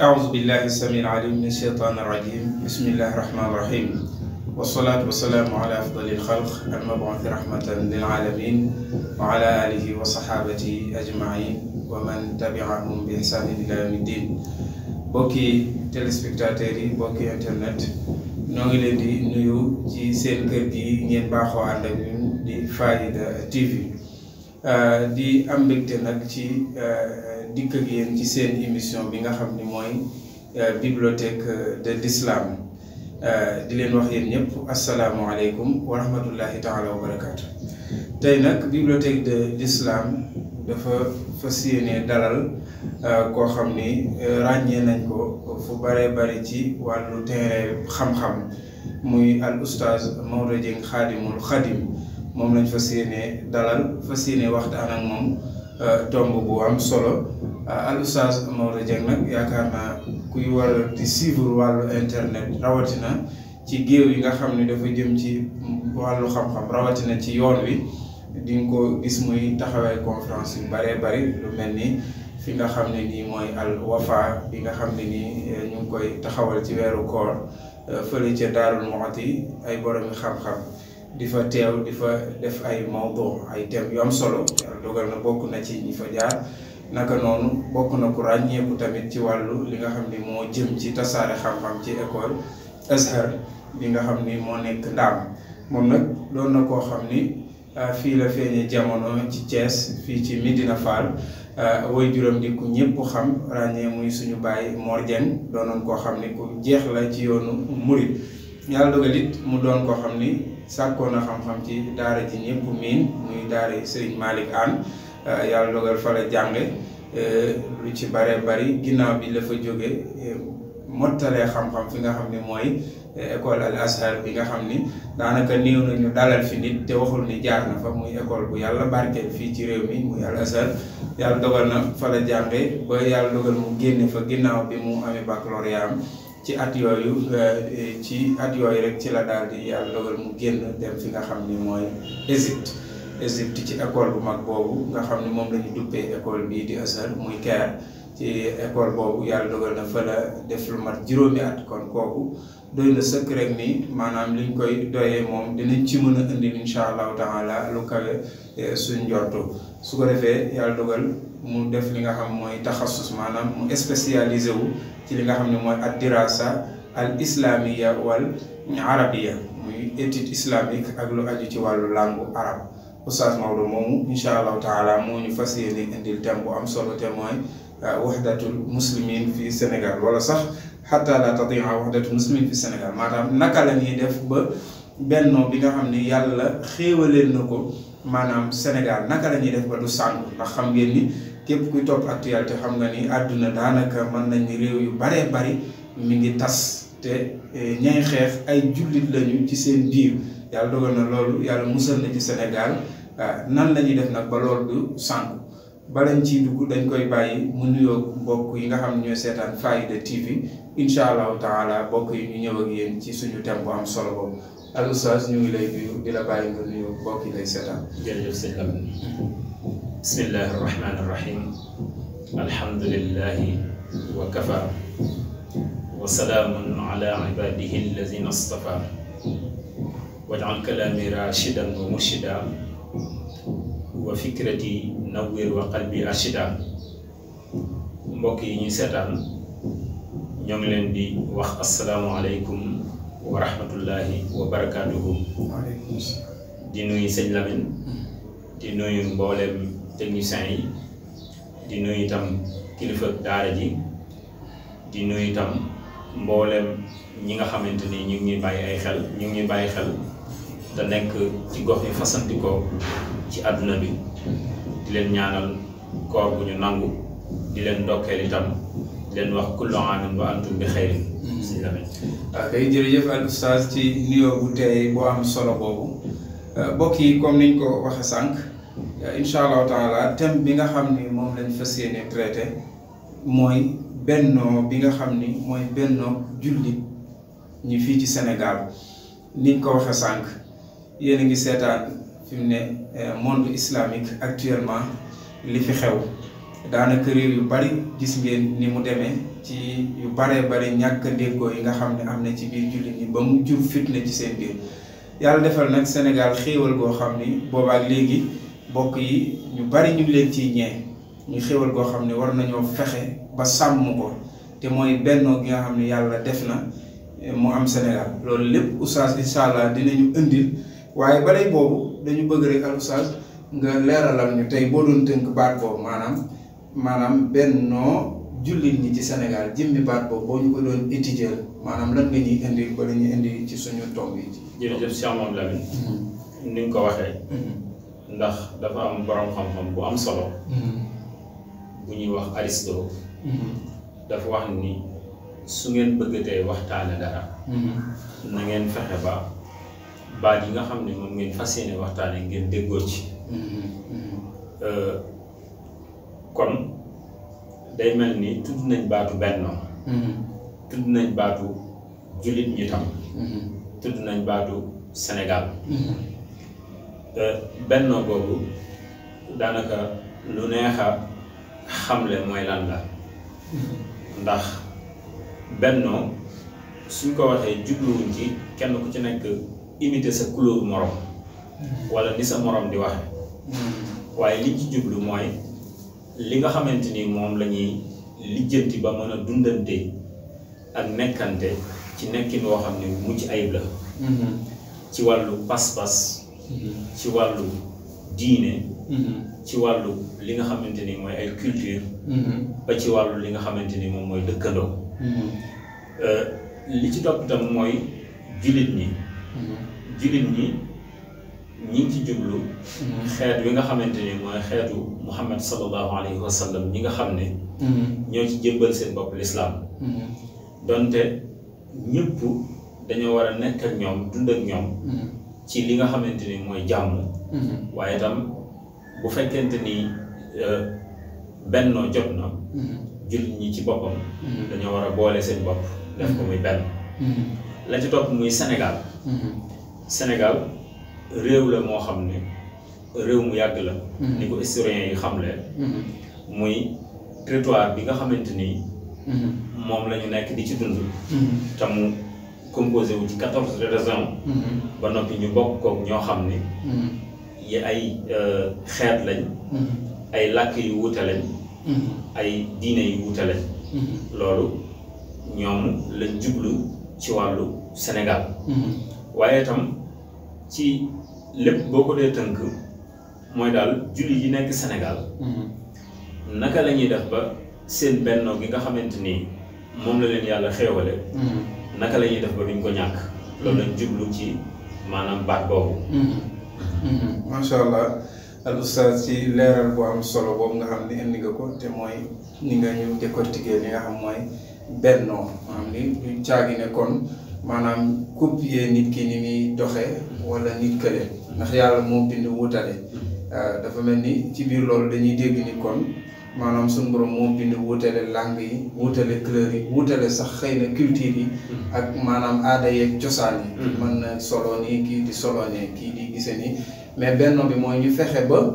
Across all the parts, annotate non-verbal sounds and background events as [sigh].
أعوذ بالله السميع العليم من الشيطان الرجيم بسم الله الرحمن الرحيم والصلاة والسلام على أفضل الخلق المبعوث رحمة للعالمين وعلى آله وصحابته أجمعين ومن تبعهم بإحسان إلى يوم الدين bokki téléspectateurs yi bokki internet ñoo ngi leen di nuyu ci seen kër gi ngeen baaxoo ànd ak ñun di Faaida TV di am mbégte nag ci dikk ak ci seen émission bi nga xam ni mooy euh, bibliothèque euh, de l'islam euh, di leen wax yéen ñëpp asalaamualeykum wa rahmatullahi taala wa barakaatu. nag bibliothèque de l'islam dafa fas yéene dalal koo xam ni ràññee nañ ko fu bare bari ci wàllu terrain xam-xam muy al oustaz Maodo Dieng xadim moom lañ fas yéene dalal fas yéene waxtaan ak moom tomb bu am solo Euh, al oustaz Maodo Dieng nag yaakaar naa kuy war di suivre wàllu internet rawatina ci géew yi nga xam ne dafa jëm ci wàllu xam-xam rawatina ci yoon wi di ko gis muy taxawee conférence yu bëree bëri lu mel ni fi nga xam ne nii mooy al wafa bi nga xam ne nii eh, ñu ngi koy taxawal ci weeru koor eh, fële ca Daarul Muxti ay boromi xam-xam di fa teew di fa def ay mawdu ay thèmes yu am solo dogal na bokk na ci ñi fa jaar naka noonu bokk na ku ràññeeku tamit ci wàllu li nga xam ni moo jëm ci tasaare xam-xam ci école Azhar li nga xam ni moo nekk ndaam moom nag doon na koo xam ni ah, fii la feeñe jamono ci Thiès fii ci Medina Fall ah, woy juróom di ku ñëpp xam ràññee muy suñu baay Mor Dieng doonoon koo xam ni ku jeex la ci yoonu murid yàlla dogal mu doon koo xam ni sàkkoon na xam-xam ci daara ji ñëpp miin muy daara Serigne Malick Anne Euh, yàlla dogal fa la jànge euh, lu ci bare bari ginnaaw bi la fa jógee euh, mottalee xam-xam fi nga xam ni mooy ecole al azhar bi nga xam ni daanaka néew nañu dalal fi nit te waxul ni jaar na fa muy école bu yàlla barkeel fii ci réew mi muy al azhar yàlla dogal na fa la jànge ba yàlla dogal mu génne fa ginnaaw bi mu amee baccalauréat am ci at yooyu ci at yooyu rek ci la daal di yàlla dogal mu génn dem fi nga xam ni mooy Égypte Égypte ci école bu mag boobu nga xam ne moom la ñu duppee école bii di Azhar muy Caire ci école boobu yàlla dogal na fa def lu mat juróomi at kon kooku doy na sëkk rek ni maanaam liñ koy doyee moom dinañ ci mën a indil incha allahu taala lu kawe eh, suñ njortu su ko defee yàlla dogal mu def li nga xam mooy taxasus maanaam mu spécialisé wu ci li nga xam ne mooy ad dirasa al islamiya wal arabiya muy étude islamique ak lu aju ci wàllu langue arabe Oustaz Maodo moomu incha allahu taala moo ñu fas yéene indil thème am solo te mooy euh, waxdatul muslimin fii Sénégal wala sax xataa la tatia waxdatul muslimin fii Sénégal maanaam naka la ñuy def ba bennoo bi nga xam ne yàlla xéewaleen na ko maanaam Sénégal naka lañuy def ba du sànku ndax xam ngeen ni képp kuy topp actualité xam nga ni àdduna daanaka mën nañu réew yu baree bari mi ngi tas te eh, ñay xeef ay jullit lañu ci seen biir. yàlla dogal na loolu yàlla musal na ci Sénégal ah, nan la ñuy def nag ba loolu du sànku balañ ciy dugg dañ koy bàyyi mu nuyoo mbokk yi nga xam ne ñooy seetaan Faaida TV incha allahu taala mbokk yi ñu ñëw ak ci suñu thème am solo boobu al oustaz ñu ngi lay nuyu di la bàyyi nga nuyoo mbokk yi lay seetaan. jërëjëf sëñ Amin bismillahi rahmaani rahim alhamdulilahi wa kafa wa salaamun ala ibadihi allazina astafa waj'al kalaami raashidan wa murshidan wa fikrati nawwir wa qalbi arshida mbokk yi ñuy seetaan ñoo ngi leen di wax asalaamualeykum wa rahmatullahi wa barakaatuhu di nuyu sëñ Lamine di nuyu mboolem techniciens yi di nuyu itam kilifa daara ji di nuyu itam mboolem ñi nga xamante ni ñu ngi bàyyi ay ñu ngi bàyyi xel te ci gox yi fasantikoo ci àdduna bi di leen ñaanal koor bu ñu nangu di leen ndokkeel itam di leen wax kullu aamin wa antum bi xayrin suñu lamee waaw kay jërëjëf al ci nuyoo bu tey boo am solo boobu ah, mbokk yi comme niñ ko waxee sànq ah, incha allahu taala thème bi nga xam ni moom lañ fas yéene traité mooy bennoo bi nga xam ni mooy bennoo jullit ñi fii ci Sénégal niñ ko waxe sànq yéen a ngi seetaan fi ne eh, monde islamique actuellement li fi xew daanaka réer yu bari gis ngeen ni mu demee ci yu baree bari ñàkk a yi nga xam ne am na ci biir jullit ñi ba mu jur fitna ci seen biir yàlla defal nag Sénégal xéewal goo xam ni boobaak léegi bokk yi ñu bari ñu leen ci ñee ñu xéewal goo xam ne war nañoo fexe ba sàmm ko te mooy bennoo gi nga xam ne yàlla def na eh, mu am Sénégal loolu lépp oustaz incha allah dinañu indil waaye balay boobu dañu bëgg rek alxames nga leeralal ñu tey boo doon tënk baat boobu maanaam maanaam bennoo jullit ñi ci Sénégal jëmmi baat boobu boo ñu ko doon étudier maanaam lan nga ñuy indi wala indi ci suñu tomb yi. jërëjëf mm-hmm. ni nga ko waxee. Mm-hmm. ndax dafa am borom xam-xam bu am solo. Mm-hmm. bu ñuy wax ay Aristote. dafa wax ni su ngeen bëgg bëggatee waxtaane dara. na ngeen fexe ba. baat yi nga xam ne moom ngeen fas waxtaan waxtaanee ngeen déggoo ci. Mm-hmm. kon day mel ni tudd nañ baatu benn. Mm-hmm. tudd nañ baatu jullit ñi tam. Mm-hmm. tudd nañ baatu Sénégal. te euh, boobu daanaka lu neex a xamle mooy lan la. ndax bennoo suñ ko waxee jubluwuñ ci kenn ku ci nekk. imiter sa couleur morom wala ni sa morom di waxe waaye li ci jublu mooy li nga xamante ni moom lañuy ñuy lijjanti ba mën a dundante ak nekkante ci nekkin woo xam ne mucc ayib la ci wàllu pas-pas ci wàllu diine ci wàllu li nga xamante ni mooy ay culture ba ci wàllu li nga xamante ni moom mooy dëkkandoo hmm. euh, li ci topp tam mooy jullit ñi jullit ñi ñi ngi ci jublu xeet wi nga xamante ni mooy xeetu muhammad sallallahu alayhi wa sallam ñi nga xam ne ñoo ci jébbal seen bopp lislaam donte ñëpp dañoo war a nekk ñoom dund ñoom ci li nga xamante ni mooy jàmm waaye tam bu fekkente ni euh, bennoo jot na jullit ñi ci boppam dañoo war a boole seen bopp def ko muy benn la ci topp muy Sénégal Sénégal réew la moo xam ne réew mu yàgg la. Mm-hmm. ni ko historiens yi xam leen. Mm-hmm. muy territoire bi nga xamante ni. Mm-hmm. moom lañu nekk di ci dund. te mu wu ci quatorze régions. ba noppi ñu bokk kook ñoo xam ni. yi ay euh, xeet lañ. ay làkk yu wuute lañ. ay diine yu wuute lañ. loolu ñoom lañ jublu ci wàllu. senegal mhm. waaye itam ci lépp boo ko dee tënk mooy daal jullit yi nekk Sénégal mhm. naka la ñuy def ba seen bennoo gi nga xamante ni moom la leen yàlla xéewale mhm. naka la def ba duñ ko ñàkk loolu lañ jublu ci maanaam baat boobu macha allah al oustaz ci leeral bu am solo boobu nga xam ne indi nga ko te mooy ni nga ñu décortiquer li nga xam mooy bennoo maanaam ni duñ caagi ne maanaam copier nit ki ni muy doxee wala nit kële ndax yàlla moo bind wutale euh, dafa mel ni ci biir loolu dañuy dégg ni kon maanaam suñu borom moo bind wutale langue yi wutale couleur yi wutale sax xëy na culture yi ak maanaam aada yeeg cosaan yi mm-hmm. mën na solo nii kii di solo ne kii di gise nii mais benn bi mooy ñu fexe ba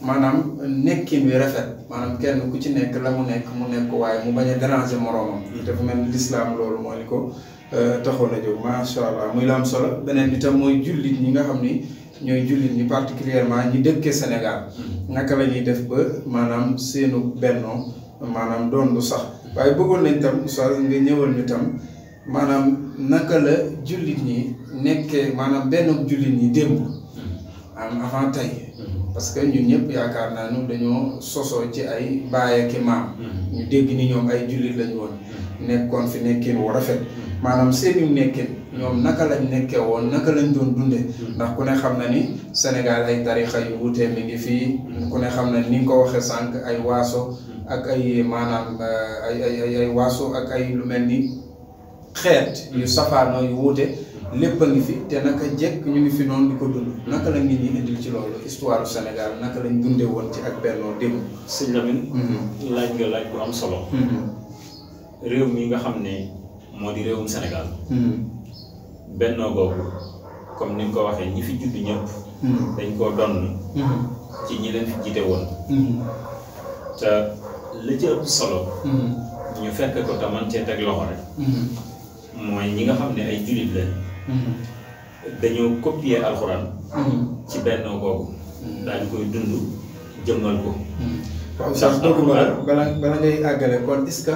maanaam nekkin wi rafet maanaam kenn ku ci nekk la mu nekk mu nekk waaye mu bañ a déranger moroomam mm-hmm. dafa mel ni lislaam loolu moo ni ko taxoon a jóg macha allah muy la am solo beneen bi mooy jullit ñi nga xam ni ñooy jullit ñi particulièrement ñi dëkkee Sénégal mm-hmm. naka la ñuy def ba maanaam seenu bennoo maanaam doon lu sax waaye bëggoon lañ tam oustaz nga ñëwal ñu tam maanaam naka la jullit ñi nekkee maanaam benn jullit ñi démb mm-hmm. am avant tey mm-hmm. parce que ñun ñëpp yaakaar naa ñu dañoo sosoo ci ay baay maam ñu dégg ni ñoom ay jullit lañu woon nekkoon fi nekkin wu rafet maanaam seeni nekkin ñoom naka lañ nekkee woon naka lañ doon dundee ndax ku ne xam na ni Sénégal ay tarixa yu wutee mi ngi fii ku ne xam na ni nga ko waxee sànq ay waaso ak ay maanaam ay ay ay waaso ak ay lu mel ni xeet yu safaanoo yu wuute lépp a ngi fi te naka jekk ñu ngi fi noonu di ko dund naka la nit ñi indil ci loolu histoire du naka lañu dundee woon ci ak bennoo démb. sëñ Lamine. Mhm. laaj nga laaj bu am solo. Mhm. réew mi nga xam ne moo di réewum Sénégal. Mhm. bennoo googu comme ni nga ko waxee ñi fi judd ñëpp. dañ koo donn ci ñi leen fi jiite woon. te la solo. ñu fekk ko te man cee teg loxo rek. mooy ñi nga xam ne ay jullit lañ. Mm-hmm. dañoo copier alxuraan. Mm-hmm. ci benn googu. Mm-hmm. daañu koy dund jëmmal ko. waaw sax dëgg la bala bala ngay àggale kon est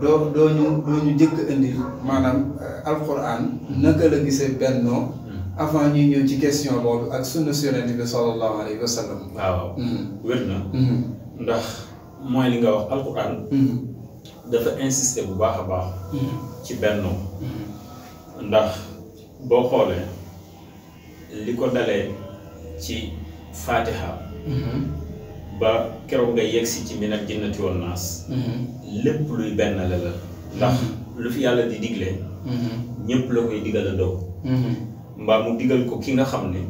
doo doo ñu jëkk indi maanaam euh, alxuraan naka la gisee bennoo avant ñuy ñëw ci question boobu ak sunna si bi sallallahu alayhi wa sallam waaw wér na ndax mooy li nga wax alxuraan dafa insister bu baax a baax ci bennoo ndax boo xoolee li ko dalee ci faatiha mm-hmm. ba keroog nga yegsi ci minal jinnati wan naas mm-hmm. lépp luy benn la la ndax mm-hmm. lu fi yàlla di digle ñépp la koy digal a dow mbaa mu digal ko ki nga xam ne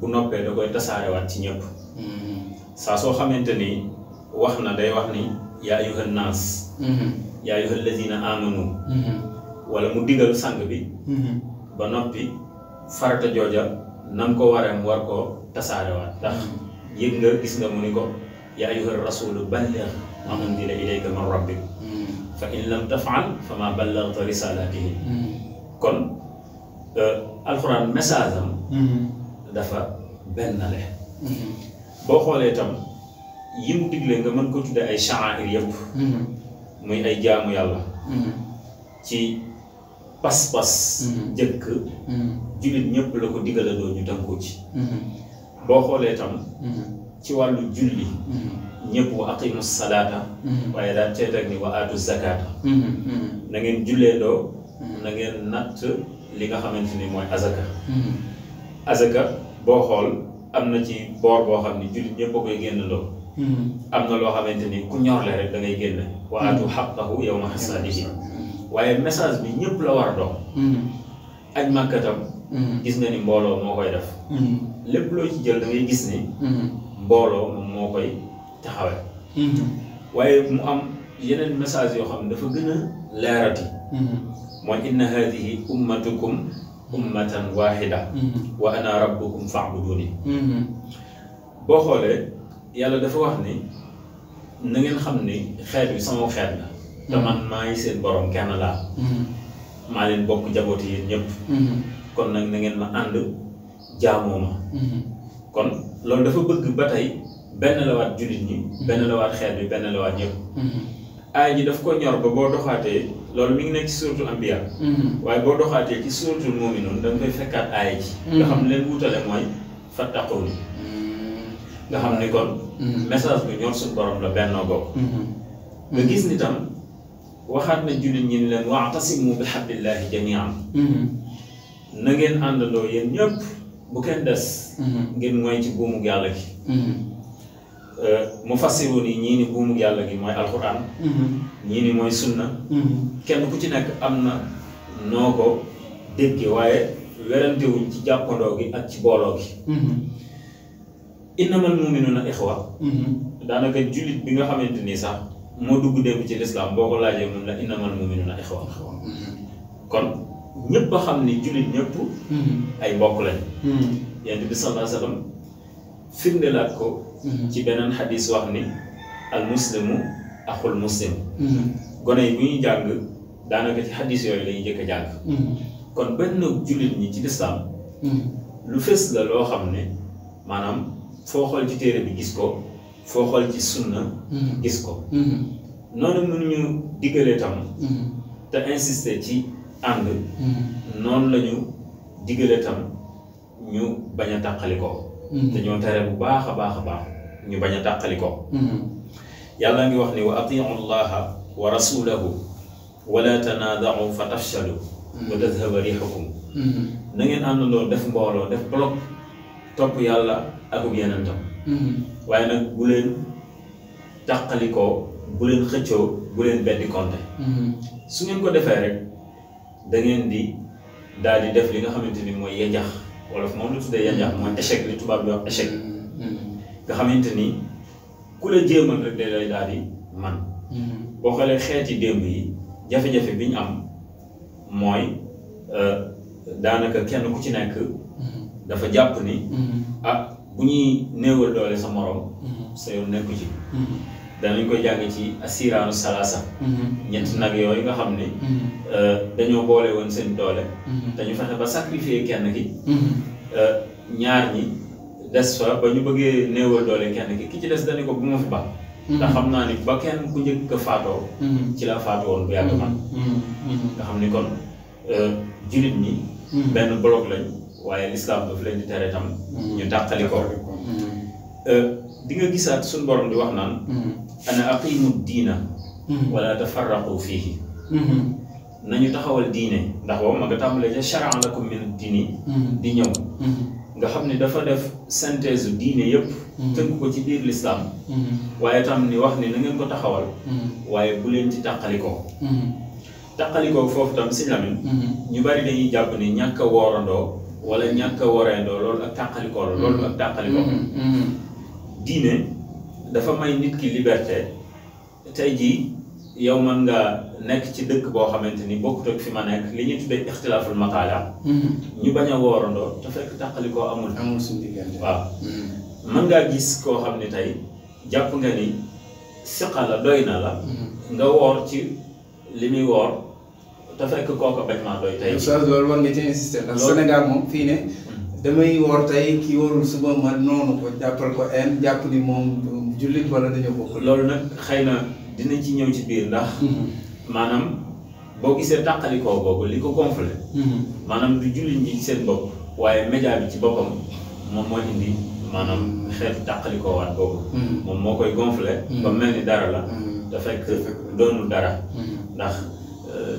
bu noppee da koy tasaarewaat ci ñépp saa soo xamante ni wax na day wax ni yaa ayyuhan naas yaa ayyuhal lazina amanu wala mu digal sang bi ba noppi farata jooja nam ko waree mu war koo tasaarewaat ndax yëg nga gis nga mu ni ko yaa ayyuha rasulu balligh ma unzila ilayka min rabbik hmm. fa in lam tafal fa ma ballagta risalatihi hmm. kon e, alxuraan message hmm. dafa benn le boo xoolee tam yim digle nga mën ko tudde ay sha'air yëpp muy ay jaamu yàlla ci pas-pas. Mm-hmm. jëkk mm-hmm. jullit ñëpp la ko diggalandoo ñu tënkoo ci. Mm-hmm. boo xoolee tam. ci wàllu julli. ñëpp wa salaata. waaye daal tey ni wa aatu zakaata. na ngeen julleendoo. na natt li nga xamante ni mooy azaka. azaka boo xool am na ci boor boo xam ni jullit ñëpp a koy génnandoo. am na loo xamante ni ku ñorle rek da ngay génne. wa aatu xaqahu yawma xasaadihi waaye message bi ñëpp la war a dox. Mm-hmm. aj mm-hmm. gis na ni mbooloo moo koy def. Mm-hmm. lépp loo ci jël da ngay gis ni. mbooloo moom moo koy taxawee. waaye mu am yeneen message yoo xam ne dafa gën a leerati. mooy inna hadihi ummatukum ummatan wahida wa ana rabbukum fa'buduni boo xoolee yàlla dafa wax ni na ngeen xam ni xeet bi sama xeet la. te man maa ngi seen borom kenn laa mm-hmm. maa leen bokk jabooti yéen ñëpp mm-hmm. kon nag na ngeen ma ànd jaamoo ma mm-hmm. kon loolu dafa bëgg ba tey benn la waat jullit ñi benn la waat xeet bi benn la waat ñëpp aay ji daf ko ñor ba boo doxaatee loolu mi ngi nekk ci suuratul Anbiya waaye boo doxaatee ci suuratul Mu'minuun da nga koy fekkaat aay ji nga xam leen wutale mooy fattaquuni nga xam ni kon message bu ñor suñu borom la bennoo bokk nga gis ni tam waxaat na jullit ñi ni leen wa'tasimu bi hablillahi jami'an mm-hmm. na ngeen àndandoo yéen ñëpp bu kenn des mm-hmm. ngeen mooy ci buumug yàlla gi mm-hmm. euh, mu fassiru yi ñii ni buumug yàlla gi mooy alxuraan ñii ni mooy sunna kenn ku ci nekk am na noo ko dégge waaye werantewuñ ci jàppandoo gi ak ci booloo gi innamal mu'minuna ixwa daanaka jullit bi nga xamante ni sax moo dugg démb ci lislaam boo ko laajee moom la innamal mu'minuna ikhwa kon ñëpp a xam ni jullit ñëpp mm-hmm. ay mbokk lañ mm-hmm. yonent bi sallallahu alayhi wa ko mm-hmm. ci beneen xadis wax ni al muslimu axul muslim gone yi bu ñuy jàng daanaka ci xadis yooyu la jëkk jàng kon benn jullit ñi ci lislaam lu fës la loo xam ne maanaam foo xool ci téere bi gis ko foo xool ci sunna mm-hmm. gis ko mm-hmm. noonu mënuñu diggalee tam mm-hmm. te insister ci ànd noonu lañu ñu diggalee tam ñu bañ a tàqali ko te ñoo tere bu baax a baax a baax ñu bañ a tàqali ko yàlla ngi wax ni wa atiu llaha wa rasulahu wala tanaadaru fa tafshalu wa tadhaba rixukum na ngeen ànd loolu def mbooloo def bloc topp yàlla akub yeneen tam waaye nag bu leen tàqalikoo bu leen xëccoo bu leen beddi konte mm-hmm. su ngeen ko defee rek da di daal di def li nga xamante ni mooy yajax wolof moom la tuddee yajax mooy échec li tubaab di wax échec mm-hmm. nga xamante ni ku la jéemal rek day lay daal di man mm-hmm. boo xoolee xeeti démb yi jafe-jafe bi am mooy euh, daanaka kenn ku ci nekk dafa jàpp ni ah bu ñuy néewal doole sa morom. Mhm. sa yoon nekku ci. Mhm. danañ koy jàng ci asiraanu salaasa. Mhm. ñetti nag yooyu nga xam ne. Euh, dañoo boole woon seen doole. dañu fexe ba sacrifier kenn ki. Euh, ñaar ñi des fa ba ñu bëggee néewal doole kenn ki ki ci des dañu ko bu ma fi ba. ndax xam naa ni ba kenn ku njëkk a faatoo. ci la faatu woon bu yàgg man. nga xam ni kon euh, jullit ñi. benn bloc lañ. waaye lislaam daf leen tere tam mm-hmm. ñu tàqali ko mm-hmm. euh, di nga gisaat suñ borom di wax naan mm-hmm. ana aqimu diina wala tafarraqu fii nañu taxawal diine ndax boobu ma nga tàmbalee ca charan lakum min diini di ñëw nga xam ne dafa def synthèse diine yëpp tënk ko ci biir lislaam waaye tam ni wax ni na ko taxawal waaye bu leen ci tàqalikoo tàqalikoo foofu tam si lamin ñu bari dañuy jàpp ni ñàkk woorandoo wala ñàkk a wareendoo loolu ak tàqalikoo la loolu ak tàqalikoo mm-hmm, mm-hmm. diine dafa may nit ki liberté tey jii yow mën nga nekk ci dëkk boo xamante ni bokkut ak fi ma nekk li ñuy tuddee ixtilaaful maqaala mm-hmm. ñu bañ a woorandoo te fekk tàqalikoo amul amul suñu diggante waaw mën ngaa gis koo xam ne tey jàpp nga ni siqa la doy na la nga woor ci li muy woor te fekk kooka bañ maa doy tey. oustaz loolu war nga ci insister ndax Sénégal moom fii ne. Hmm. damay woor tey ki warul suba ma noonu ko jàppal ko en jàpp ni moom jullit wala dañoo bokk. loolu nag xëy na dinañ ci ñëw ci biir ndax. Hmm. maanaam boo gisee tàqalikoo boobu li ko gonflé. Hmm. maanaam du jullit ñi seen waaye média bi ci boppam moom moo indi maanaam xeetu tàqalikoo waat boobu. moom moo koy gonflé. ba mel ni dara la. te fekk doonul dara. ndax.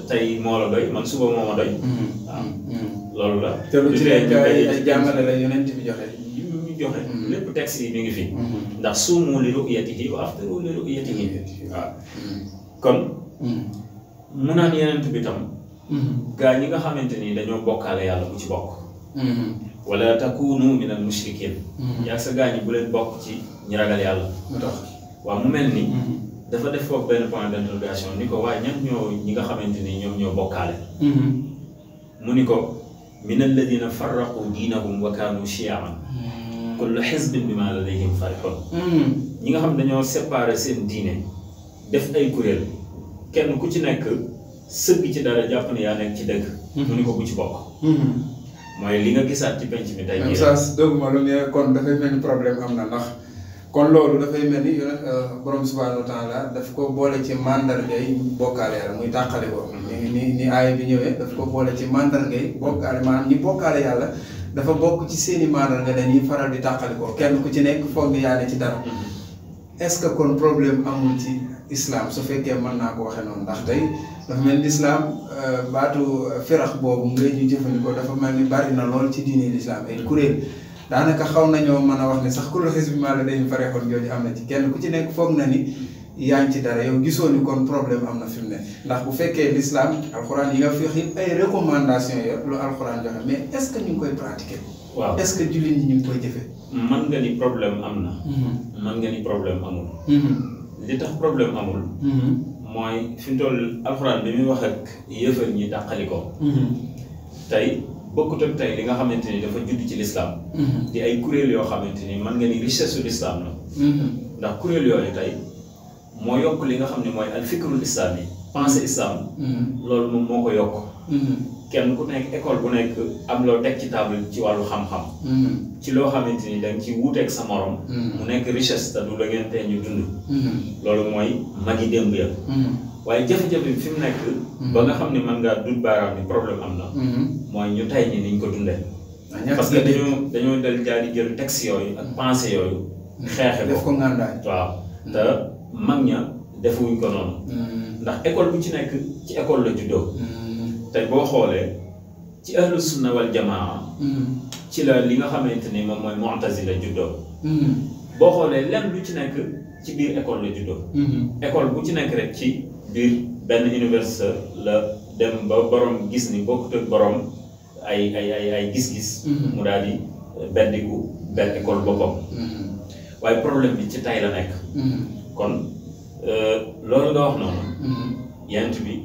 tey moo la doy man suba moo ma doy. Mm-hmm. Mm-hmm. loolu la. te lu ci la yonent bi joxe. yu mm-hmm. ñu joxe. lépp mi ngi fi. ndax suumu li ru'yatihi wa aftiru li ru'yatihi. waaw kon. mu naan yonent bi tam. gaa ñi nga xamante ni dañoo bokkaale yàlla ci bok wala takunu min al mushrikin. yaa sa gaa ñi bokk ci ñi ragal yàlla. mu mel ni. dafa def foofu benn point d'interrogation ni ko waaye ñan ñoo ñi nga xamante ni ñoom ñoo bokkaale. Mm-hmm. mu ni ko mu min alladina farraqu diinahum wa kaanu chiaan mm-hmm. kullu xisbin bima ladayhim farixoon mm-hmm. ñi nga xam dañoo séparé seen diine def ay kuréel kenn ku ci nekk sëgg ci dara jàpp ne yaa nekk ci dëgg mu ni ko bu ci bokk mooy li nga gisaat ci penc mi tey même saa dégg ma ne kon dafay mel ni problème am na ndax kon loolu dafay mel ni yonent euh, borom subhaanahu wa taala daf ko boole ci mandargay bokkaale yàlla muy tàqale ko. Mm-hmm. ni ni ni aaya bi ñëwee daf ko boole ci mandargay bokkaale maanaam ñi bokkaale yàlla dafa bokk ci seeni mandarga dañuy faral di tàqale ko kenn ku ci nekk foog nga yàlla ci dara. Mm-hmm. est-ce que kon problème amul ci islam su fekkee mën naa ko waxee noonu ndax tey dafa mel ni islam euh, baatu euh, firax boobu ngay ñu jëfandikoo dafa mel ni bari na lool ci diini l'islam ay kuréel. daanaka xaw nañoo man a wax ne sax kullu xisbi maa ladayhim farihun jooju am na ci kenn ku ci nekk foog na ni yaa ngi ci dara yow gisoo ni kon problème am na fi mu ne ndax bu fekkee l'islam alxuraan yi nga fi yëpp ay recommandation yo lu alxuraan joxe mais est-ce que ñu ngi koy pratiquer. waaw est-ce que jullit ñu ngi koy jëfee. mën nga ni problème am na. man mm-hmm. nga ni problème amul. Mm-hmm. li tax problème amul. Mm-hmm. mooy fi mu toll alxuraan bi muy wax ak yëfal ñi dàqali ko. bokkut ak tey li nga xamante ni dafa judd ci lislaam mhm. di ay kuréel yoo xamante ni mën nga ni richesse lislaam la mhm. ndax kuréel yooyu tey moo yokk li nga xam ne mooy al fikrul islaam yi pensée islaam mhm. loolu moom moo ko yokk kenn ku nekk école bu nekk am loo teg ci table ci wàllu xam-xam ci loo xamante ni danga ci wuuteeg sa morom mu nekk richesse te du la ngeen tee ñu dund loolu mooy magi démb ya waaye jafe-jafe bi fi mu nekk. Mhm. ba nga xam ne man ngaa dut baaraam ni problème am na. Mhm. mooy ñu tey ñi niñ ko dundee. parce que dañoo dañoo dell jaar di jël texte yooyu ak mhm. pensée yooyu. xeexe ko def ko ngàndaay waaw te mag ña defuñ ko noonu. ndax école bu ci nekk ci école la juddoo. te boo xoolee ci ahlu sunna wal jamaa. ci la li nga xamante ni moom mooy mu'tazila la juddoo. boo xoolee lenn lu ci nekk ci biir école la juddoo. école bu ci nekk rek ci. biir benn université la dem ba borom gis ni bokkut boroom ay ay ay ay gis-gis mm-hmm. mu daal di eh, beddiku benn école boppam mm-hmm. waaye problème bi ci tay la nekk mm-hmm. kon eh, loolu nga wax noonu yent bi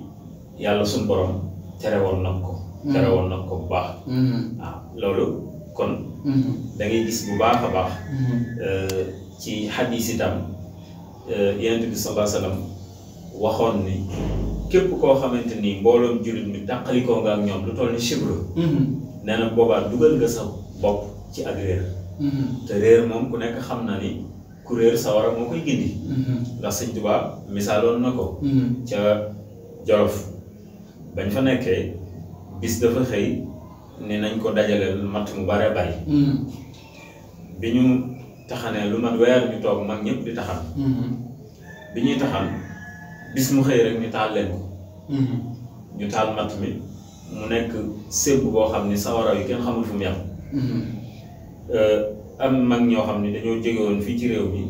yàlla suñu borom tere woon nag ko tere woon nag ko bu baax waaw ah, loolu kon da gis bu baax a baax eh, ci xadiis itam yent bi sallallahu alayhi waxoon ni képp koo xamante ni mbooloom jullit mi tàqalikoo nga ak ñoom lu toll ni chibro mhm. nee na dugal nga sa bopp ci ak réer mhm. te réer moom ku nekk xam na ni ku réer sa war a moo koy gindi mhm. ndax sëñ Tuubaa misaaloon na ko ca Jolof bañ fa nekkee bis dafa xëy ni nañ ko dajaleel matt mu bare bari bi ñu taxanee lu mat weer ñu toog mag ñëpp di taxan bi ñuy taxan bis mu xëy rek ñu taal leen mm-hmm. ñu taal matt mi mu nekk sébb boo xam ni sawara yi kenn xamul fi mu yem mm-hmm. euh, am mag ñoo xam ni dañoo jóge woon fii ci réew mi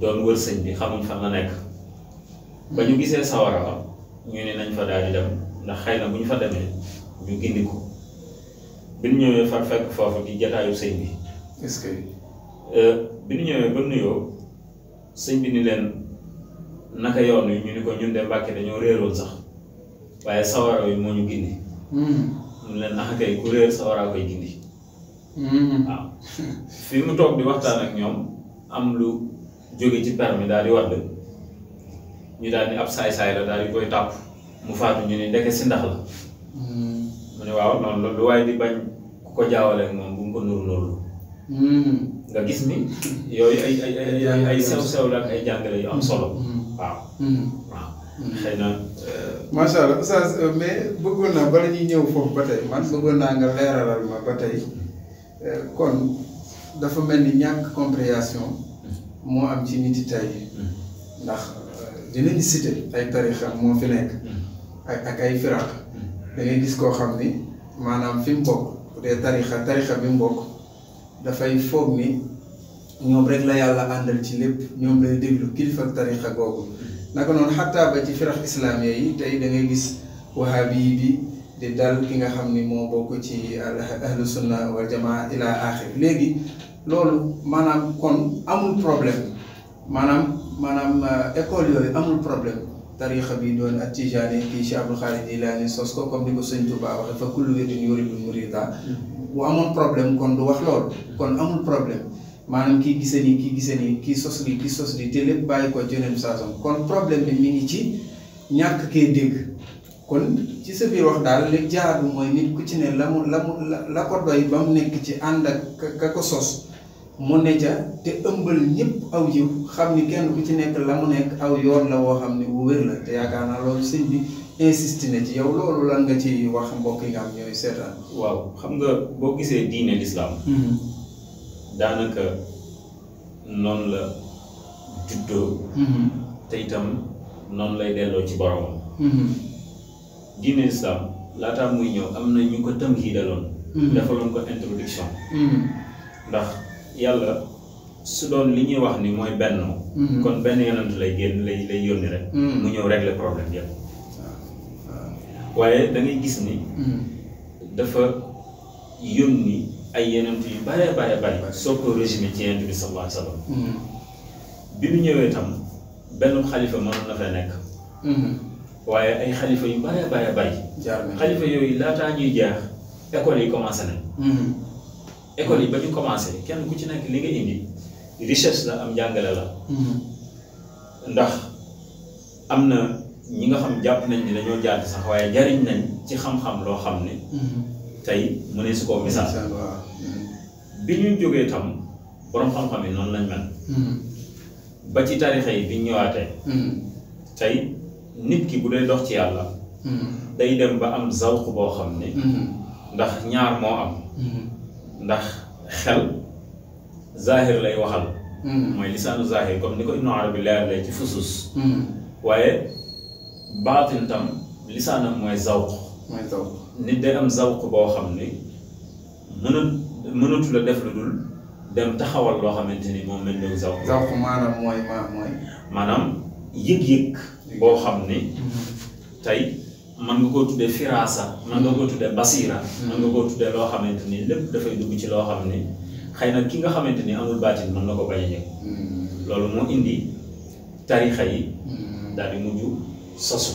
doon wër sëñ bi xamuñ fan la nekk ba ñu mm-hmm. gisee sawara la ñu ne nañ fa daal di dem ndax xëy na bu ñu fa demee ñu gindi ko bi ñu ñëwee fa fekk foofu di jataayu sëñ bi est euh, bi ñu ñëwee ba nuyoo sëñ bi ni leen naka yoon wi ñu ni ko ñun de Mbàkke dañoo réeroon sax waaye sawara yi moo ñu gindi hmm. mun leen naxa kay ku réer sawaraa koy gindi hmm. waaw fi mu toog di waxtaan ak ñoom am lu jóge ci permi daal di wadd ñu daal di ab saay-saay la daal di koy tàpp mu faatu ñu ni ndeke si ndax la hmm. mu ne waaw noonu loolu waaye di bañ ko jaawale ak moom bu loolu nga gis ni yooyu ay ay ay sew sew la ak ay yu am solo waaw. Hmm. waaw hmm. xëy na. Euh, macha allah oustaz euh, mais bëggoon naa bala ñuy ñëw foofu ba man bëggoon naa nga leeralal ma ba euh, kon dafa mel ni ñàkk compréhension moo am ci nit yi tey hmm. ndax dinañu cité ay tarixa moo fi nekk ak ak ay firaq gis koo xam ni maanaam fi mu bokk bu dee tarixa bi mu bokk dafay foog ñoom rek la yàlla àndal ci lépp ñoom lay déglu kilifa ak tarixa googu naka noonu xataa ba ci firax islaam yi tey da ngay gis wahabi yi bi di dal ki nga xam ni moo bokk ci ahlu sunna wal jamaa léegi loolu maanaam kon amul problème maanaam maanaam euh, école yooyu amul problème tarixa bi doon ak tijaani kii Cheikh Abdul Xaadir Jilaani sos ko comme ni ko sëñ Tuubaa waxe fa kullu wédin yuridu murida mm. bu amoon problème kon lu wax loolu kon amul problème maanaam kii gise nii kii gisee nii kii sos nii kii sos nii te lépp bàyyi ko ci yeneen saa kon problème bi mi ngi ci ñàkk kee dégg kon ci sa biir wax daal li jaadu mooy nit ku ci ne la mu la mu la ko doy ba mu nekk ci ànd ak ka ko sos mu ne ca te ëmbal ñëpp aw yiw xam ni kenn ku ci nekk la mu nekk aw yoon la woo xam ne wu wér la te yaakaar naa loolu si bi insisté na ci yow loolu lan nga ci wax mbokk yi nga am ñooy seetaan. waaw xam nga boo gisee diine daanaka noonu la juddoo mm-hmm. te itam noonu lay delloo ci boromam mm-hmm. diine islam laataa muy ñëw am na ñu ko tam hiidaloon mm-hmm. defaloon ko introduction ndax yàlla su doon li ñuy wax ni mooy benn kon benn yonent lay génn lay lay yónni rek mu ñëw régler problème yëpp ah, ah. waaye da gis ni dafa yónni ay yonent yu bare bare bare soo ko résumé ci yonent bi sallallahu alayhi wa hmm. bi mu ñëwee tam benn xalifa mënoon na fa nekk hmm. waaye ay xalifa yu bare bare bare xalifa yooyu laataa ñuy jeex école yi commencé nañ hmm. école yi ba ñu commencé kenn ku ci nekk li nga indi richesse la am njàngale la ndax am na ñi nga xam jàpp nañ ni dañoo jaar sax waaye jariñ nañ ci xam-xam loo xam ne tey mu ne su koo misaal bi ñu jógee tam borom xam-xam yi noonu lañ mel hmm. ba ci tarixa bi bi ñëwaatee hmm. tey nit ki bu dee dox ci yàlla hmm. day dem ba am zawq boo xam ne ndax ñaar moo am ndax xel zahir lay waxal mooy lisaanu zahir comme ni ko Ibnu Arabi leer lay ci fusus waaye baatin tam lisaanam mooy zawq nit day am zawq boo xam ni mënut mënatu def lu dul dem taxawal loo xamante ni moom lañ doon zawq. zawq maanaam mooy maanaam yëg-yëg. boo xam ni. Mm-hmm. tey man nga koo tuddee firaasa. mën nga koo tuddee basira. Mm-hmm. mën nga koo tuddee loo xamante ni lépp dafay dugg ci loo xam ni xëy na ki nga xamante ni amul baatin mën na ko bañ a yëg. Mm-hmm. loolu moo indi tarixa yi. daal di mujj sosu.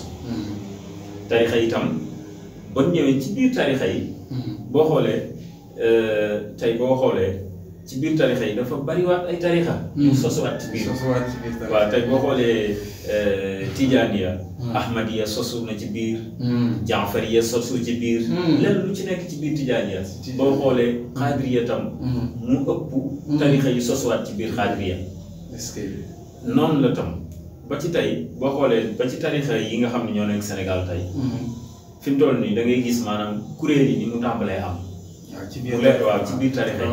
tarixa yi tam. ba ñëwee ci biir tarixa yi hmm. boo xoolee euh, tey boo xoolee ci biir tarixa yi dafa bariwaat ay tarixa hmm. yu sosuwaat ci biir waaw tey boo xoolee euh, tijaaniya hmm. ya sosu na ci biir janfariya sosu ci biir lenn lu ci nekk ci biir tijaaniya boo xoolee xaadiriya tam mu ëpp tarixa yu sosuwaat ci biir xaadiriya noonu la tam ba ci tey boo xoolee ba ci tarixa yi nga xam ne ñoo nekk tey fi mu toll nii da gis maanaam kuréel yi ni mu tàmbalee am. biir waaw ci biir tarixa yi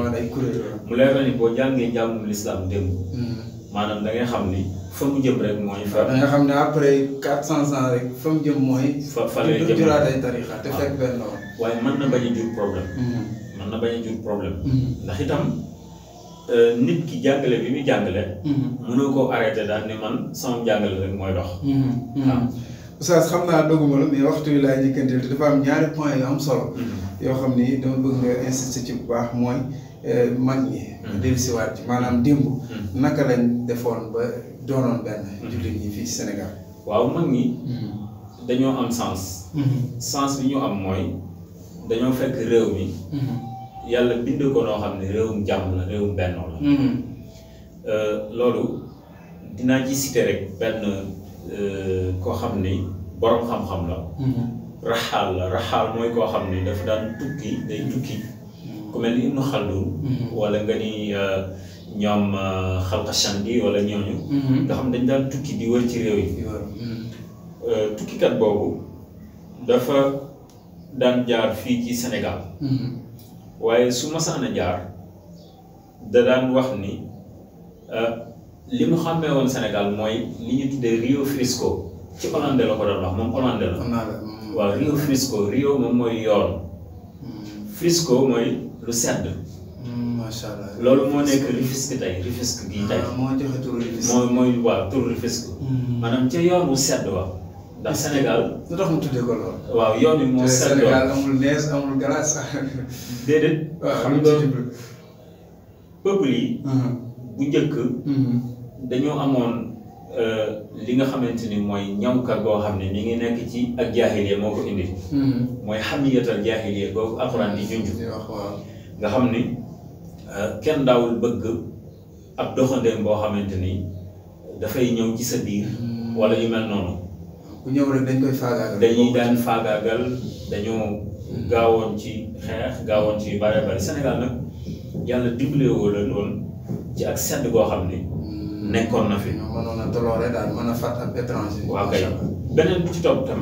mu leer na ni boo jàngee njàngum lislaam démb. Hmm. maanaam da xam ni fa mu jëm rek mooy. fa da nga xam ne après quatre cent ans rek fa mu jëm mooy. fa fa lay jëm waaye mën na bañ a jur problème. Hmm. mën na bañ a jur problème. Hmm. ndax itam. Euh, nit ki jàngale bi muy jàngale. mënoo koo arrêté daal ni man sama jàngale rek mooy dox. Ah. Oustaz xam naa dogguma la mais waxtu wi laay njëkkanteel te dafa am ñaari point yu am solo. Mm-hmm. yoo xam ni dama bëgg nga insister ci bu baax mooy euh, mag ñi. Mm-hmm. dellusiwaat ci maanaam démb. Mm-hmm. naka lañ defoon ba doonoon benn. jullit ñi fii Sénégal. waaw mag ñi. dañoo am sens. sens bi ñu am mooy dañoo fekk réew mi. yàlla bind ko noo xam ne réewum jàmm la réewum bennoo la. Euh, loolu dinaa ci citer rek benn. Euh, koo xam ni borom xam-xam la. Mm-hmm. raxaal la raxaal mooy koo xam ni dafa daan tukki day tukki. Mm-hmm. ku mel ni Ibnu Xaldun. Mm-hmm. wala nga ni euh, ñoom euh, Xalqashandi wala ñooñu. nga xam dañ daan tukki di wër ci réew yi. tukkikat boobu dafa daan jaar fii ci Sénégal. waaye su masaan jaar da daan wax ni. li mu xàmmee woon Sénégal mooy li ñu Rio Frisco ci Hollande la ko doon moom Hollande la. waaw Rio Frisco Rio moom mooy yoon. Hmm. Frisco mooy lu hmm, loolu moo nekk Rufisque tey Rufisque gii tey. Ah, moo joxe turu Rufisque mooy mooy waaw hmm. yoon wu wa. ndax Sénégal. lool. waaw yoon moo sedd wa Sénégal amul nees amul glace. déedéet. [laughs] waaw xam dañoo amoon euh, li nga xamante ni mooy ñawkat boo xam ne mi ngi nekk ci ak jaahiliya moo ko indi. Mm-hmm. mooy xamiyatal jaahiliya boobu alxuraan di junj. Mm-hmm. nga xam ni euh, kenn daawul bëgg ab doxandeem boo xamante ni dafay ñëw ci sa biir. Mm-hmm. wala yu mel noonu. ku ñëw rek dañ koy faagaagal. dañuy daan faagaagal dañoo gaawoon ci xeex gaawoon ci yu bare bare Sénégal nag yàlla dimbalewoo la lool ci ak sedd goo xam ni. nekkoon na fi. mënoon a toloore daal mën a fat ab étranger. waaw kay beneen bu topp tam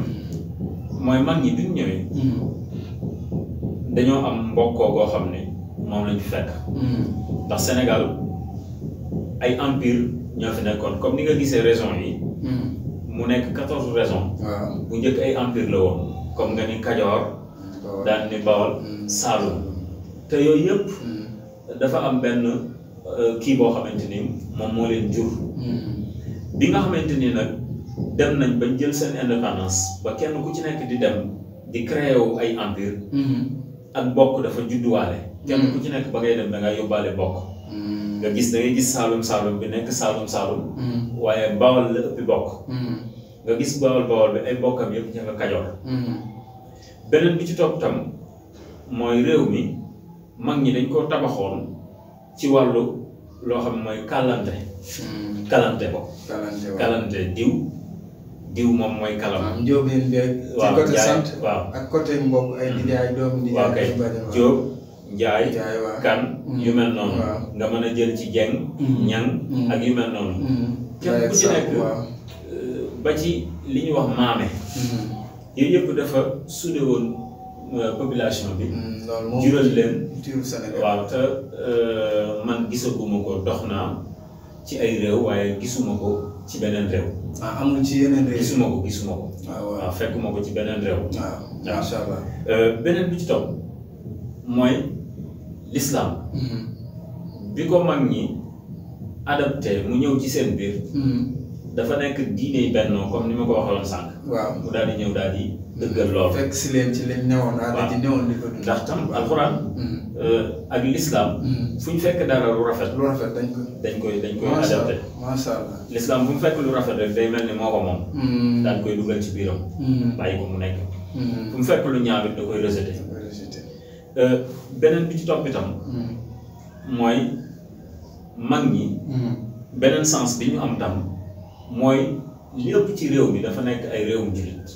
mooy mag ñi bi ñu ñëwee. Hmm. dañoo am mbokkoo goo xam ne moom lañu fekk. Hmm. ndax Sénégal ay empire ñoo fi nekkoon comme ni nga gisee raison yi. Hmm. mu nekk quatorze raisons. bu njëkk ay empire la woon comme nga ni Kajoor. daan ni Bawol Saalum te yooyu yëpp dafa am benn. Euh, kii boo xamante ni moom moo leen jur hmm. bi nga xamante ni nag dem nañ bañ jël seen indépendance ba kenn ku ci nekk di dem di créer wu ay empire hmm. ak bokk dafa judduwaale kenn hmm. ku ci nekk ba ngay dem da ngay yóbbaale bokk nga gis da ngay saalum saalum bi nekk saalum waaye bawal la ay bokkam yëpp ña nga kajoor beneen bi ci topp tam mooy réew mi mag ñi dañ koo tabaxoon ci wàllu loo xam mooy kalante hmm. kalante ko kalante diw diw moom mooy kalam njóobeen bi ci sant waaw ak côté mbokk ay hmm. nijaay doomu nijaay kay jóob kan hmm. yu mel noonu nga mën a jël ci jeng ñan ak yu mel noonu kenn ku ci nekk euh, ba ci li ñu wax maame yooyu yëpp dafa sude woon Euh, population bi. Mm, loolu moom jural leen. waaw te euh, man gisaguma ko dox naa ci ay réew waaye gisuma ko ci beneen réew. ah amul ci yeneen réew gisuma ko gisuma ko. Ah, waaw ah, fekkuma ko ci beneen réew. waaw ah, macha allah euh, beneen bi ci mooy l'islam. Mm-hmm. bi ko mag ñi adapté mu ñëw ci seen biir. Mm-hmm. dafa nekk diine bennoo comme ni ma ko waxaloon sànq. waaw mu daal di ñëw dëggal loolu fekk si leen ci lañ newoon. waaw ci ndax tam alxuraan. Mm. Euh, ak lislaam mm. fu ñu fekk dara lu rafet. lu rafet dañ koy dañ koy dañ koy adapté. macha allah lislaam bu ñu fekk lu rafet rek day mel ni moo ko moom. Mm. daan koy dugal ci biiram. bàyyi ko mu nekk. fu mu fekk lu ñaaw it da koy rejeté. Euh, beneen bi ci topp itam. mooy mag ñi. beneen sens bi ñu am tam mooy li ëpp ci réew mi dafa nekk ay réewum jullit.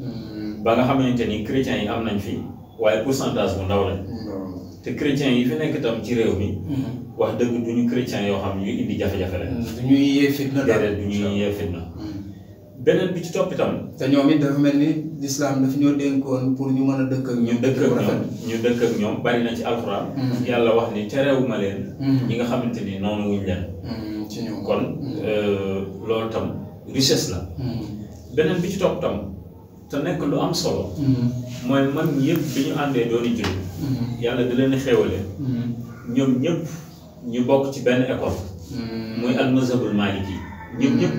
Hmm. ba nga xamante ni chrétiens yi am nañ fi waaye pourcentage bu ndaw la hmm. te chrétiens yi fi nekk tam ci réew mi. Hmm. wax dëgg du ñu chrétiens yoo xam ñuy indi jafe-jafe la. du ñuy yee fitna daal du ñuy yee fitna. beneen bi ci topp itam. te ñoom it dafa mel ni lislaam dafa ñoo dénkoon pour ñu mën a dëkk ak ñoom. ñu dëkk ñoom bari na ci alxuraan. yàlla wax ni terewuma leen. ñi nga xamante ni noonu wuñ leen. ci ñoom kon euh, loolu tam richesse la. beneen bi ci topp tam. te nekk lu am solo. Mm-hmm. mooy mag yëpp bi ñu àndee doon i mm-hmm. yàlla di leen xéwalee. Mm-hmm. ñoom ñëpp ñu bokk ci benn école. muy almazhabul maliki yi. ñoom ñëpp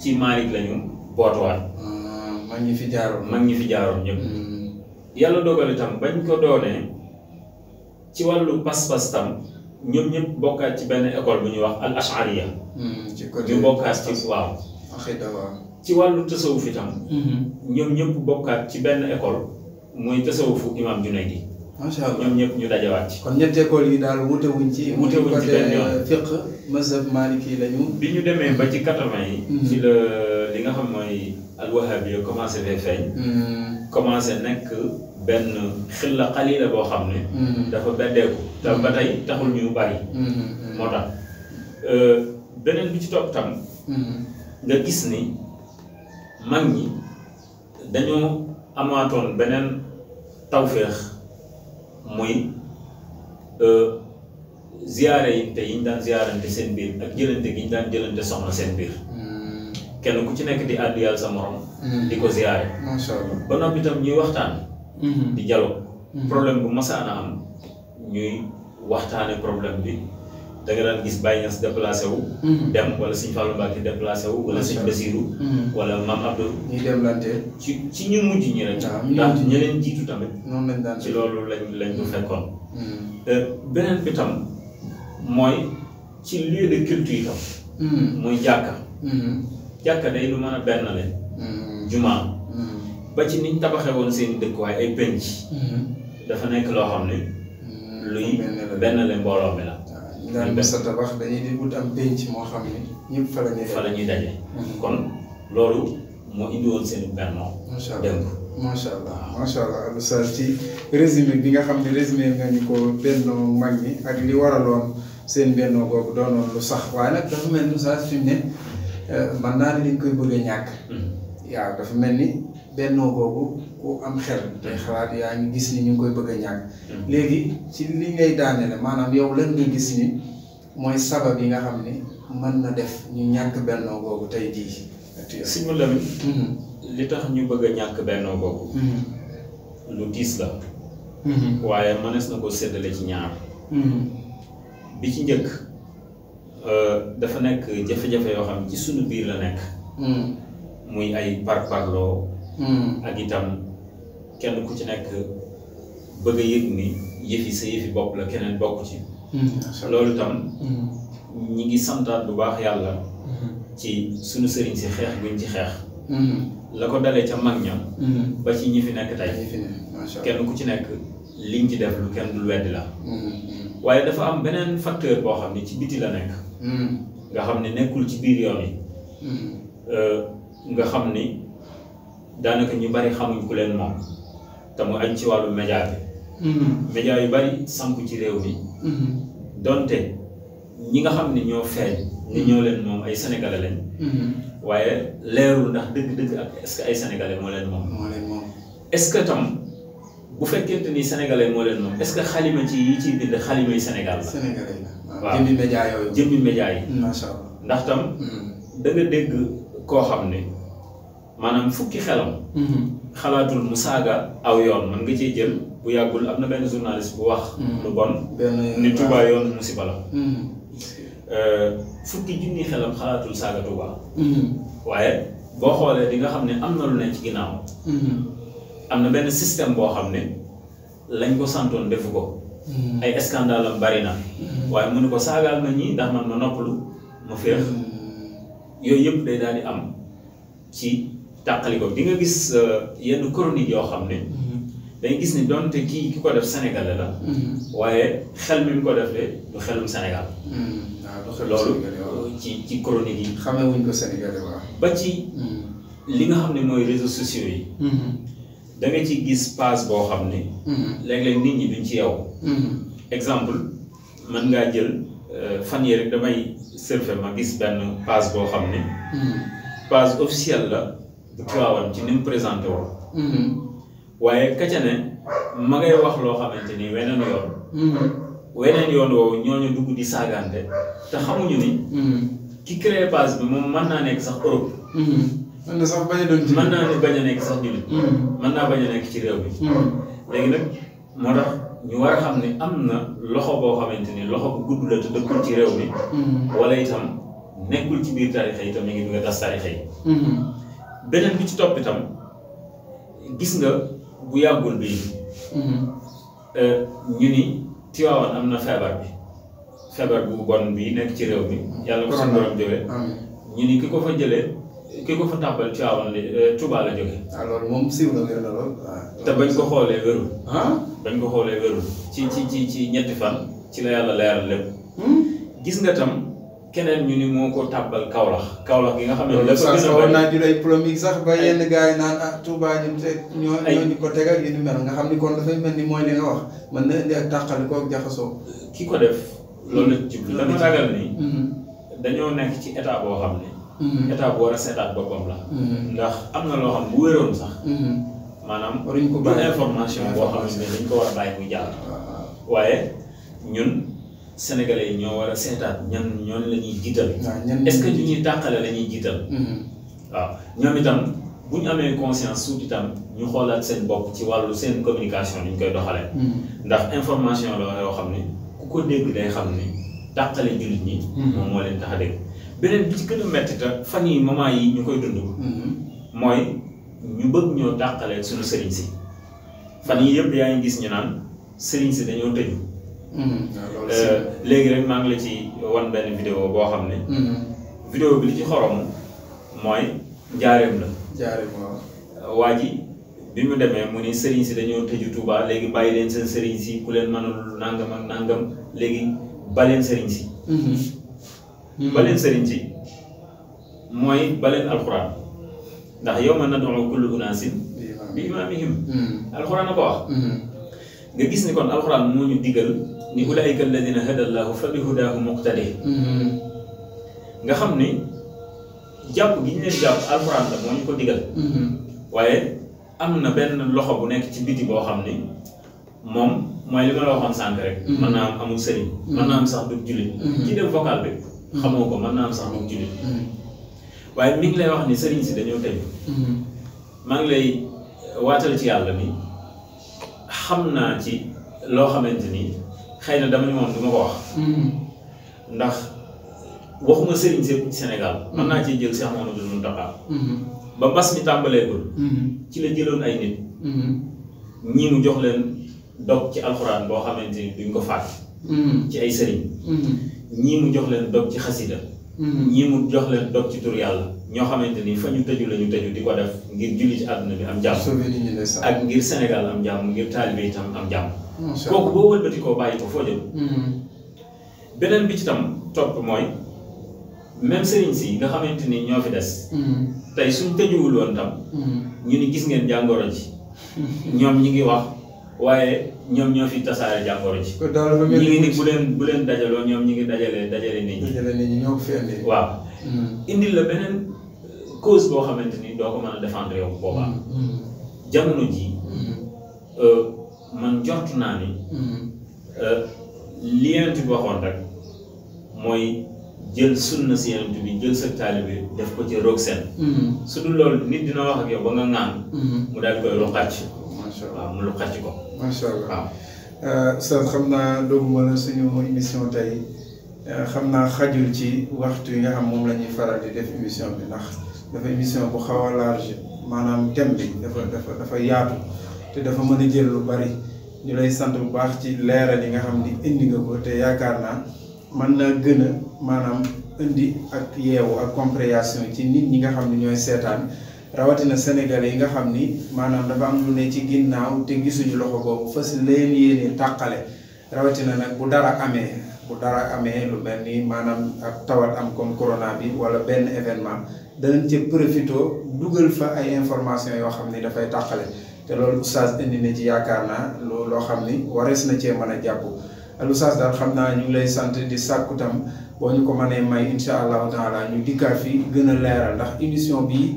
ci Malik lañu bootuwaat. Ah, mag ñi fi jaaroon mag ñi fi jaaroon ñëpp. yàlla dogal itam bañ ko doonee ci wàllu pas-pas tam ñoom ñëpp bokkaat ci benn école bu ñuy wax ak ashariya. ci ñu bokkaat ci waaw. ci wàllu tasawuf itam mm-hmm. ñoom ñëpp bokkaat ci benn école mooy tasawufu imaam Junaydi macha allah ñoom ñëpp ñu dajawaat ci. kon ñetti école yi daal wute wuñ ci. wute wuñ ci benn yoon fiq mazhab maliki lañu. bi ñu demee ba ci quatre-vingt yi. Mm-hmm. ci la li nga xam mooy alwahabi yo commencé fee feeñ. Mm-hmm. commencé nekk benn la xalila boo xam ne. dafa beddeeku. te ba tey taxul ñu bari. moo tax euh, beneen bi ci topp tam. nga gis ni. mag ñi dañoo amaatoon beneen tawféex muy euh, ziyaare yi te yi ñu daan ziyaarante seen biir ak jëlante gi ñu daan jëlante soxna seen biir hmm. kenn ku ci nekk di àddu yàlla sa morom. Hmm. di ko ziyaare. macha allah ba noppi itam ñuy waxtaan. Hmm. di dialogue. problème bu masaan am ñuy waxtaane problème bi. da nga daan gis Baye Niass déplacé wu. Mhm. dem wala Sëñ Fallou Mbacké déplacé wu. wala Sëñ Basirou. Mhm. wala Mame Abdou. ñuy demlante. ci ci ñu mujj ñi rek. waaw ndax ñi leen jiitu tamit. noonu lañ daan ci loolu lañ lañ ko fekkoon. Mhm. Euh, beneen bi tam mooy ci lieu de culture yi tam. muy jàkka. jàkka de lu mën a benn leen. jumaa. ba ci niñ tabaxee woon seen dëkkuwaay ay penc. dafa nekk loo xam ne. luy benn leen mbooloo mi daan mos a tabax dañuy di wut moo xam ni ñu fa la ñuy fa la mm-hmm. kon loolu moo indi woon seen gànnaaw. macha allah démb. macha allah macha allah Oustaz ci résumé bi nga xam ne résumé nga ñu ko bennoo mag ñi ak li waraloon seen bennoo googu doonoon lu sax waaye nag dafa mel ni Oustaz fi ne euh, man naa ne koy bëgg a ñàkk. Mm-hmm. dafa mel ni bennoo googu. ku am xel. Mm-hmm. tey xalaat yaa ngi gis ni ñu ngi koy bëgg a ñàkk. Mm-hmm. léegi ci li ngay daanele maanaam yow lan gis ni mooy sabab yi nga xam ne mën na def ñu ñàkk bennoo googu tey jii. si mm-hmm. li tax ñu bëgg a ñàkk bennoo googu. lu diis la. waaye mënees na ko séddale ci ñaar. bi ci njëkk euh, dafa nekk jafe-jafe yoo xam ci suñu biir la nekk. muy ay parparloo. ak itam kenn ku ci nekk bëgg a yëg ni yëfi sa yëfi bopp la keneen bokk ci mm-hmm. loolu tam mm-hmm. ñi ngi santaat bu baax yàlla mm-hmm. ci suñu sëriñ si xeex buñ ci xeex la ko dalee ca mag ñam ba ci ñi fi nekk tey kenn ku ci nekk li liñ ci def lu kenn dul weddi la waaye dafa am beneen facteur boo xam ne ci biti la nekk nga xam ne nekkul ci biir yoon yi euh, nga xam ni daanaka ñu bari xamuñ ku leen moom te mu añ ci wàllu média bi mm-hmm. média yu bari samp ci réew mi mm-hmm. donte ñi nga xam ne ñoo feeñ ni ñoo leen moom ay sénégalais lañ mm-hmm. waaye leerul ndax dëgg-dëgg ak est ay sénégalais moo leen moom moo leen moom est-ce que tam bu fekkente ni sénégalais moo leen moom est-ce que xalima ci yi ciy bind xalimay Sénégal la sénégalais la waaw jëmmi média yooyu jëmmi média yi ndax tam da nga koo xam ne maanaam fukki xelam. Mm-hmm. xalaatul mu saaga aw yoon man nga ciy jël bu yàggul am na benn journaliste bu wax. Mm-hmm. lu bon ni Touba yoon musiba la. Mm-hmm. Euh, fukki junni xelam xalaatul saaga Touba. waaye boo xoolee di nga xam ne am na lu ne ci ginnaaw. am na benn système boo xam ne lañ ko santoon defu ko. ay scandale am bari na. waaye mu ko saagaal na ñi ndax man ma noppalu mu féex. yooyu yëpp day daal di am ci. tàqali ko di nga gis eh, yenn chronique yoo xam ne mm-hmm. dañ gis ni donte kii ki ko def Sénégal la mm-hmm. waaye xel mi mu ko def de du xelum Sénégal mm-hmm. ah, loolu ci ci chronique yi xamee wuñ ko Sénégal waaw ba ci li nga xam ne mooy réseaux sociaux yi da nga ci gis passe boo xam ne léeg-léeg nit ñi duñ ci yow exemple mën ngaa jël eh, fan yii rek damay surfer ma gis benn passe boo xam ne passe officielle la bu Tiwaawan ci ni mu présenté woon. Mm-hmm. waaye ka ca ne ma ngay wax loo xamante ni weneen yoon. Mm-hmm. weneen yoon woowu ñooñu dugg di saagante te xamuñu ni. Mm-hmm. ki créé base bi moom mën naa nekk sax Europe. mën na sax bañ a doon ci mën naa bañ a nekk sax jullit. mën naa bañ a nekk ci réew bi léegi nag moo tax ñu war a xam ne am na loxo boo xamante ni loxo bu gudd la te dëkkul ci réew mi. wala itam nekkul ci biir tarixa yi itam ñu ngi bëgg a tas tarixa yi. beneen bi ci topp gis nga bu yàggul bii mhm. euh, ñu ni Tiwaawan am na feebar bi feebar bu bon bii nekk ci réew bi yàlla ko suñu borom jóge ñu ni ki ko fa jëlee ki ko fa tàmbal Tiwaawan li euh, Tuubaa la jóge ah, moom siiw ah, te bañ ko xoolee wérul ah? bañ ko xoolee wérul ci ci ci ci ñetti fan ci la yàlla leeral lépp hmm? gis nga tam keneen ñu ni moo ko tàbbal Kaolack Kaolack gi nga xam ne. loolu sax war naa di lay polémique sax ba yenn gars yi naan ah Touba ñun teg ñoo ñoo ñu ko tegal yu ni mel nga xam ni kon dafay mel ni mooy li nga wax mën na indi ak tàqali koog jaxasoo. ki ko def. loolu la jublu dama ragal ni. Mm-hmm. dañoo nekk ci état boo xam ne. Mm-hmm. état bu war a seetaat boppam la. Mm-hmm. ndax am na loo xam bu wéroon sax. maanaam. waruñ ko bàyyi information boo xam ne dañ ko war bàyyi muy jàll. Ah, ah, ah. waaye ñun. sénégalais yi ñoo war a seetaat ñan ñoon la ñuy jiital. est-ce que ñu ñuy tàqale la ñuy jiital. Mm-hmm. waaw ñoom itam bu ñu amee conscience suuf itam ñu xoolaat seen bopp ci wàllu seen communication ni ñu koy doxalee. Mm-hmm. ndax information la yoo xam ne ku ko dégg day xam ne tàqale jullit ñi. Mm-hmm. moom moo leen tax a dégg beneen bi ci gën a fan yi moment yi ñu koy dund. mooy ñu bëgg ñoo tàqale suñu sëriñ si fan yi yëpp yaa ngi gis ñu naan sëriñ si dañoo tëju. Mm-hmm. Euh, léegi rek maa la ci wan benn vidéo boo xam ne. Mm-hmm. vidéo bi li ci xorom mooy njaareem la. Euh, waa ji bi mu demee mu ni sëriñ si dañoo tëju Touba léegi bàyyi leen seen sëriñ si ku leen mënul nangam ak nangam léegi baleen sëriñ si. Mm-hmm. baleen sëriñ si mooy baleen alxuraan ndax yow ma nad'u kullu unaasin bi imaamihim alxuraan a ko wax. nga gis ni kon alxuraan moo ñu digal. ni ulaayika alladina hada allahu fa bi hudaahu muqtadi mm-hmm. nga xam ni jàpp gi ñu leen jàpp alxuraan moo ñu ko digal mm-hmm. waaye am na benn loxo bu nekk ci biti boo xam ni moom mooy li ma la waxoon sànq rek mm-hmm. mën naa am amul sëriñ mën naa am sax du jullit ci dem vocal bi xamoo ko mën naa am sax du jullit waaye mi ngi lay wax ni sëriñ si dañoo tëj maa ngi lay waatal ci yàlla ni xam naa ci loo xamante ni xëy na dama ni moom du ko wax. Mm-hmm. ndax waxuma sëriñ sépp ci Sénégal. Mm-hmm. mën naa cee jël Cheikh Mouhamadou Mountakha. Mm-hmm. ba mbas mi tàmbaleegul. ci la jëloon ay nit. ñii mu jox leen dog ci alxuraan boo xamante ni duñ ko faat. ci ay sëriñ. ñii mu jox leen dog ci xasida ñii mu jox leen dog ci tur yàlla. ñoo xamante ni fa ñu tëju lañu ñu tëju di ko def ngir julli ci àdduna bi am jàmm ak ngir Sénégal am jàmm ngir taalibe itam am jàmm kooku boo wëlbati koo bàyyi ko foo jëm mm-hmm. beneen bi ci tam topp mooy même sëriñ si nga xamante ni ñoo fi des mm-hmm. tey suñ tëjuwul tam mm-hmm. ñu ni gis ngeen jàngoro ji [laughs] ñoom ñi ngi wax waaye ñoom ñoo fi tasaare jàngoro ji ñi ngi ni bu leen bu leen dajaloo ñoom ñi ngi dajale dajale nit ñi waaw indil la beneen cause boo xamante ni doo ko mën a défendre yow boobaa. jamono ji euh, man jortu naa ni. Euh, li yonent bi waxoon rek mooy jël sunna si yonent bi jël sa bi def ko ci roog seen. su dul loolu nit dina wax ak yow ba nga ŋaan. mu daal koy luqàcc. macha allah waaw mu luqàcc ko. macha allah waaw. Euh, Oustaz xam naa doogu wala suñu émission tey xam naa xajul ci waxtu yi nga xam moom lañuy faral di def émission bi ndax. dafa émission bu xaw a large maanaam thème bi dafa dafa dafa yaatu te dafa mën a jël lu bari ñu lay sant bu baax ci leeral yi nga xam ni indi ko te yaakaar naa mën naa gën maanaam indi ak yeewu ak compréhension ci nit ñi nga xam ne ñooy seetaan rawatina sénégalais yi nga xam ni maanaam dafa am lu ne ci ginnaaw te gisuñu loxo boobu fas leen yéene tàqale rawatina nag bu dara amee bu dara amee lu mel ni maanaam ak tawat am comme corona bi wala benn événement danañ ci profité dugal fa ay information yoo xam ni dafay tàqale te loolu oustaz indi na ci yaakaar naa loo loo xam ni warees na cee mën a jàpp oustaz daal xam naa ñu lay sant di sàkku tam boo ñu ko mënee may incha allahu taala ñu dikkaat fii gën a leeral ndax émission bii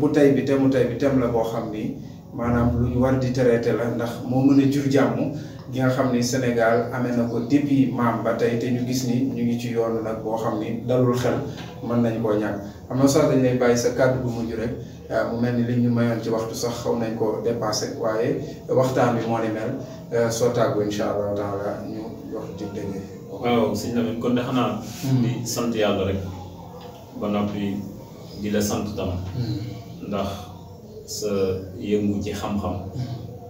bu tey bi te mu tey bi tem la boo xam ni maanaam lu ñu war di traité la ndax moo mën a jur jàmm ñi nga xam ni Sénégal amee na ko depuis maam ba tey te ñu gis ni ñu ngi ci yoon nag boo xam ni dalul xel mën nañ koo ñàkk am na sax dañ lay bàyyi sa bu mujj euh, mu mel ni li ñu ci waxtu sax xaw nañ ko dépassé waaye waxtaan bi moo ni mel euh, soo tàggu incha allah taala ñu wax ci dégg. waaw sëñ Lamine kon de xanaa. Hmm. sant la hmm.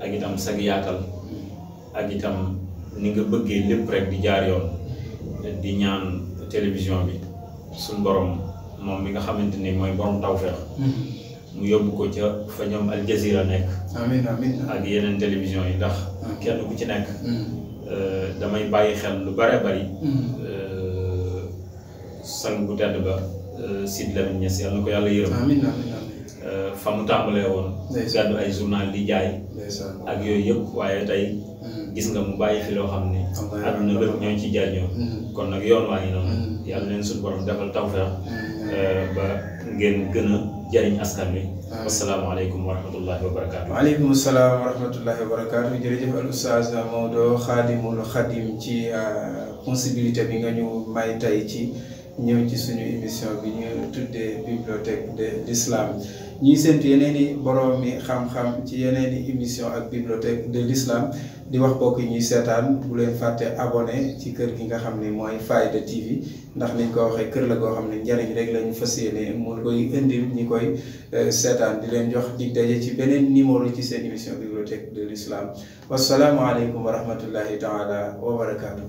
hmm. yaatal. ak itam ni nga bëggee lépp rek di jaar yoon di ñaan télévision bi suñ borom moom mi nga xamante ni mooy borom tawfeex mm-hmm. mu yóbbu ko ca fa ñoom Al Jazeera nekk amiin amiin ak yeneen télévision yi ndax kenn ku ci nekk mm-hmm. euh, damay bàyyi xel lu bare bari mm-hmm. euh, sang bu tedd ba euh, Sidy Lamine Niass yàlla na ko yàlla yërëm amiin amiin fa mu tàmbalee woon gàddu ay journal di jaay ak yooyu yëpp waaye tey gis nga mu bàyyi fi loo xam ne àdduna bépp ñoo ci jariñoo mm. kon nag yoon waa ngi noonu mm. yàlla leen suñu borom defal tawfeex mm. euh, ba ngeen gën a jariñ askan wi asalaamaaleykum wa rahmatullahi wa barakaatu waaleykum salaam wa rahmatullahi wa barakaatu jërëjëf al oustaz Maodo xaadimul xadim ci euh, possibilité bi nga ñu may tey ci ñëw ci suñu émission bi ñu tuddee bibliothèque de l'islam ñuy séntu yeneen i mi xam-xam ci yeneen i émission ak bibliothèque de l'islam di wax bokk yi ñuy seetaan bu leen fàtte abone ci kër gi nga xam ne mooy Faaida TV ndax niñ ko waxee kër la goo xam ne njariñ rek lañu fas yéene mun koy indil ñi koy euh, seetaan di leen jox dig daje ci beneen numéro ci seen émission bibliothèque de l'islam wasalaamualeykum wa rahmatullahi taala wa barakaatu.